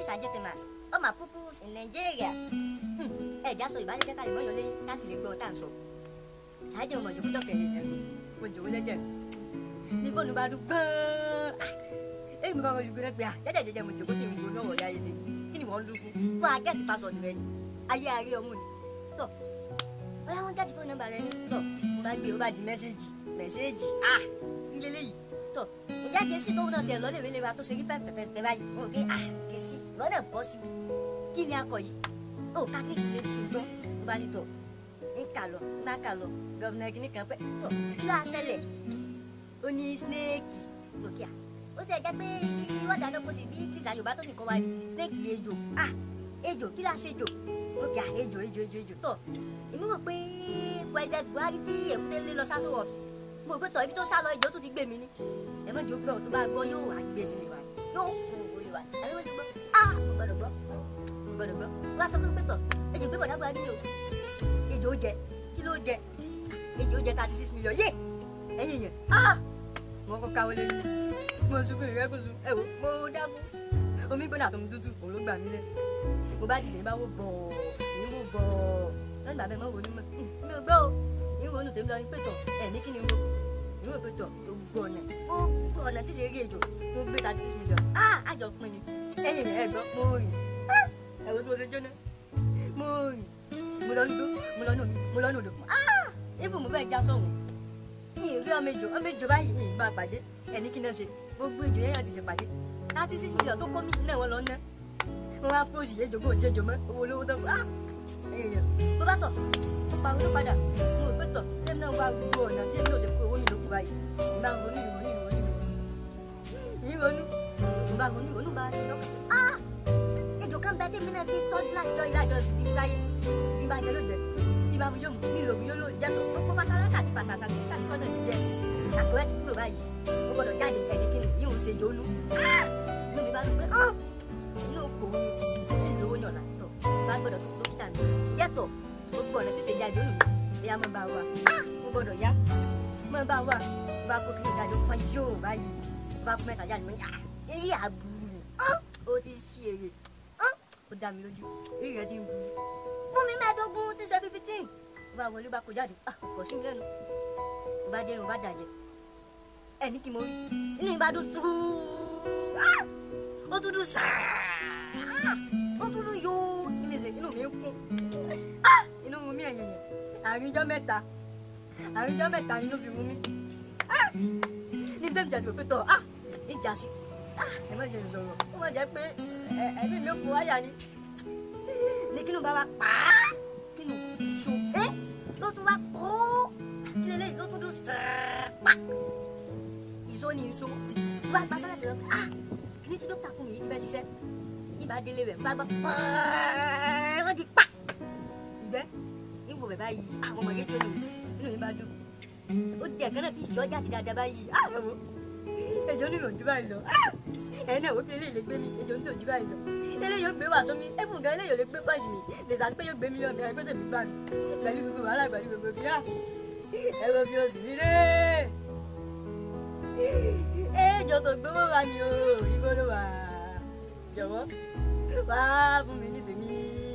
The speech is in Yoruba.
àdìsá jẹ́ tèmà ọmọ pupus in Nigeria ẹ̀já sọ ìbálẹ̀ jẹ́ kálí mọ́yọ́ lẹ́yìn láti lè gbọ́ tá à ń sọ ṣáájú ọmọ ìjòkó tọ̀kẹ́ lẹ́jẹ̀ mo jòwó lẹ́jẹ̀ ní fóònù bá dún gbọ́n èyí mi bá wọn yùgbọ́n pé jẹ́jẹ́ jẹ́jẹ́ mo jòkó tí n gbọ́n lọ́wọ́ yáyé ni kí ni wọ́n dún fún fún agẹ́tì pásọ̀dù rẹ ni ayé àárẹ̀ ọmú di mẹ́sẹ́ẹ̀jì mẹ́sẹ́ẹ̀jì ah ń eh, lélẹ́yìí tó ìjẹ́ jẹ́sí tó ń náà tẹ̀ lọ́lẹ̀ mi lè wa tó ṣe rí pẹ́ẹ́pẹ́ẹ́pẹ́ báyìí mo gbé ah jẹ́sí ìwọ náà bọ́ sí mi kí ni akọ yìí ó kákéèsì lè fi gbọ́ ló bá ní tọ̀ ń kà lọ ń bá kà lọ gọ́vùnà kìíní kan pẹ́ tọ̀ kí ló aṣẹlẹ̀ ó ní snake lókè à ó sì ẹ̀jẹ̀ pé bí wọ́n dáná kó sì bí snake ejò ah ejò kí ló aṣejò lókè à ejò ejò ejò ejò tọ̀ èmi rò pé wẹ̀jẹ̀ Buhari tí mo gbé tọ ibi tó sá lọ ìjọ tó ti gbé ni ẹ mọ̀jọ gbọ́ tó bá gbọ́ yóò wá gbé mi wá yóò kú orí wa ẹ mọ̀jọ gbọ́ a ah! mo gbọ́dọ̀ gbọ́ mo gbọ́dọ̀ gbọ́ wá sọ fún pétọ̀ ejò gbé bọ̀dá gbára nílò ejò ó jẹ kí ló jẹ ejò ó jẹ thirty six million yé ẹ̀yin yẹn a ah! mo kọ́ káwọ́ lé mi mo sunkún ìrẹ́kùsùn ẹ wo mo dákú omi gbọ́dọ̀ àtọ̀mù tútù òun ló gbà mí lẹ́ mo bá dìde bá wò bọ̀ọ̀ lẹ́yìn bàbá ẹ máa ń ronú mọ́ mi ò gbọ́ o ìrònú tèmi lọ ní pẹ̀tọ̀ ẹ̀ ní kí ni mo ìrònú pẹ̀tọ̀ gbogbo ọ̀nà gbogbo ọ̀nà tí ìṣeré èjò tó gbé thirty six million ah àjọ pin ni ẹ̀yìn ẹ̀ gbọ́ mo rìn ẹ̀rọ tí mo ṣe jóná mo rìn mo lọ nídó mo lọ nùmí mo lọ nùdó ah ibù mo fẹ́ já sọ̀hún ìyìn rí ọmọ èjò ọmọ èjò báyìí ìyìn bá pàdé ẹ̀ ní kí náà ṣe gbogbo èjò yẹn àti ṣèpàdé thirty six million tó kọ́ mí náà wọ́n lọ ná wọ́n wá fúròṣì èjò kò jẹjọ mọ́ owó olówó tó ah pátọ̀ ó parí ló padà mo rò pé tọ̀ lẹ́m náà wá gbogbo ọ̀nà tí èmi náà ṣe kúrò owó mi ló kù báyìí ìgbà ronú ìrònú ìrònú ìrònú ìgbà ronú ìrònú bá ṣe lọ́kàn pé ah ejò kan bẹ tèmi náà ti tọ́jú láti tọ́jú láti ọ̀sìn ti ṣáyé ti bá jẹ lóde ti bá mu yóò mu mi lòun yóò lò jẹ tó gbogbo pátáláṣà àti pàtàṣà sí sàṣọ́nà ti jẹ àsìkò ẹ ti kúrò báyìí ó gbọdọ̀ jáde ẹni kí ni yíò ṣe jónú inú mi bá rò pé inú òkò mi ìlú owó yàn látọ̀ bá gbọdọ̀ tó dókítà mi yẹtọ̀ gbọ́ ọ̀nà tó ṣe jáde òun mi ìyá mọ́ bá wa mo gbọ́dọ̀ yá mọ́ bá wa bá kó kí ìdájọ́ kan yóò báyìí bá kó mẹ́ta jáde mo ní eré àbúrò ó ti ṣe èrè ó dá mi lójú eré rẹ ti ń burú fún mi mẹ́ẹ̀ẹ́dógún ti ṣe fífítín bá wọlé bá kó jáde kò sí mi lẹ́nu bá dé irun bá dàjẹ́ mo rí inú mi bá dún sùúrù ó dúdú sáà. àríjọ́ mẹ́ta àríjọ́ mẹ́ta nínú fi mú mi ah! ní tẹ́mi jàdùkú pé ah! ìjà sí ah! ẹ má jẹ́ ìsọ̀rọ̀ ó má jẹ́ pé ẹ̀mí mi ò fún wáyà ni ní kínú bá wa pàá kínú so ẹ ló tún wá kó kí lélẹ́yìn ló tún dún sẹ́ẹ̀pà ìsọ ni ìsọ wá gbàgbọ́ láti lọ ní tí dókítà fún mi yìí ti fẹ́ ṣiṣẹ́ ìbá délé rẹ̀ bá gbọ́ pàá ó ti pa ìgbẹ́ níwò bẹ̀ báyìí àwọn ọmọdé tó ní inú mi bá dùn ó di ẹ̀kan náà tí ìjọ jáde dáadáa báyìí àwọn ah, ẹjọ́ ní ìrọ̀jú báyìí lọ ẹ̀yin náà wò kí eléyìí lè gbé mi ẹjọ́ ní ìrọ̀jú báyìí lọ eléyìí yóò gbé wà sómi ẹ̀fún gan eléyìí ò lè gbé pọ́ọ̀sì mi lèta pé yóò gbé mi lọ́ọ̀gá ẹgbẹ́ tèmi gbà mí pẹ̀lú gbogbo wàhálà pẹ̀lú gbogbo bíyà ah! ẹ̀rọ bí oṣù mi rè é ẹjọ́ tó gbówó wa ni o ìgbóná wa jọ̀wọ́ wá fún mi ní tèmi.